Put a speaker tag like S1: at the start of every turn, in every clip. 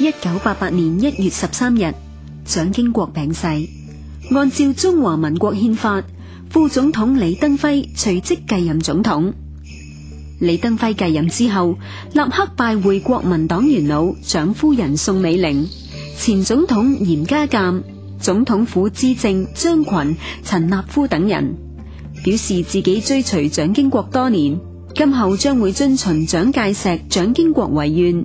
S1: 一九八八年一月十三日，蔣經國病逝。按照中華民國憲法，副總統李登輝隨即繼任總統。李登輝繼任之後，立刻拜會國民黨元老蔣夫人宋美齡、前總統嚴家淦、總統府資政張群、陳立夫等人，表示自己追隨蔣經國多年，今後將會遵循蔣介石、蔣經國遺願。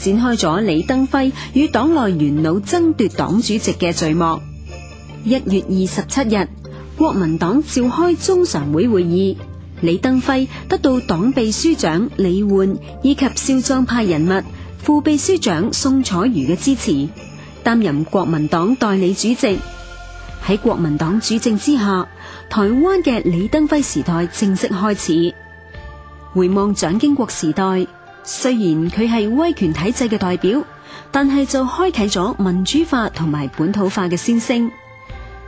S1: 展開咗李登輝與黨內元老爭奪黨主席嘅序幕。一月二十七日，國民黨召開中常會會議，李登輝得到黨秘書長李煥以及少壯派人物副秘書長宋楚瑜嘅支持，擔任國民黨代理主席。喺國民黨主政之下，台灣嘅李登輝時代正式開始。回望蔣經國時代。雖然佢係威權體制嘅代表，但係就開啟咗民主化同埋本土化嘅先聲。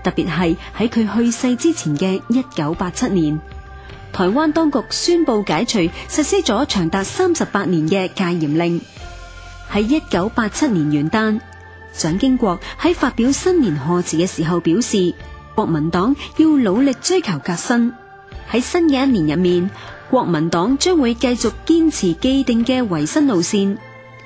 S1: 特別係喺佢去世之前嘅一九八七年，台灣當局宣布解除實施咗長達三十八年嘅戒嚴令。喺一九八七年元旦，蔣經國喺發表新年賀詞嘅時候表示，國民黨要努力追求革新。喺新嘅一年入面，國民黨將會繼續堅持既定嘅維新路線。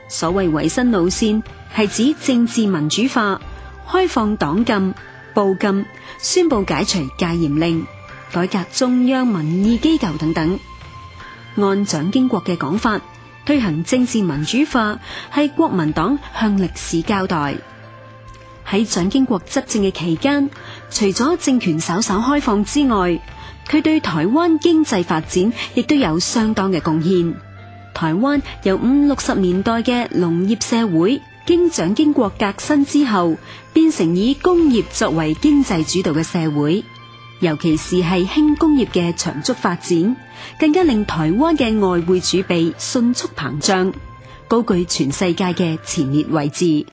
S1: 所謂維新路線，係指政治民主化、開放黨禁、報禁、宣布解除戒嚴令、改革中央民意機構等等。按蔣經國嘅講法，推行政治民主化係國民黨向歷史交代。喺蔣經國執政嘅期間，除咗政權稍稍開放之外，佢對台灣經濟發展亦都有相當嘅貢獻。台灣由五六十年代嘅農業社會，經蔣經國革新之後，變成以工業作為經濟主導嘅社會，尤其是係輕工業嘅長足發展，更加令台灣嘅外匯儲備迅速膨脹，高舉全世界嘅前列位置。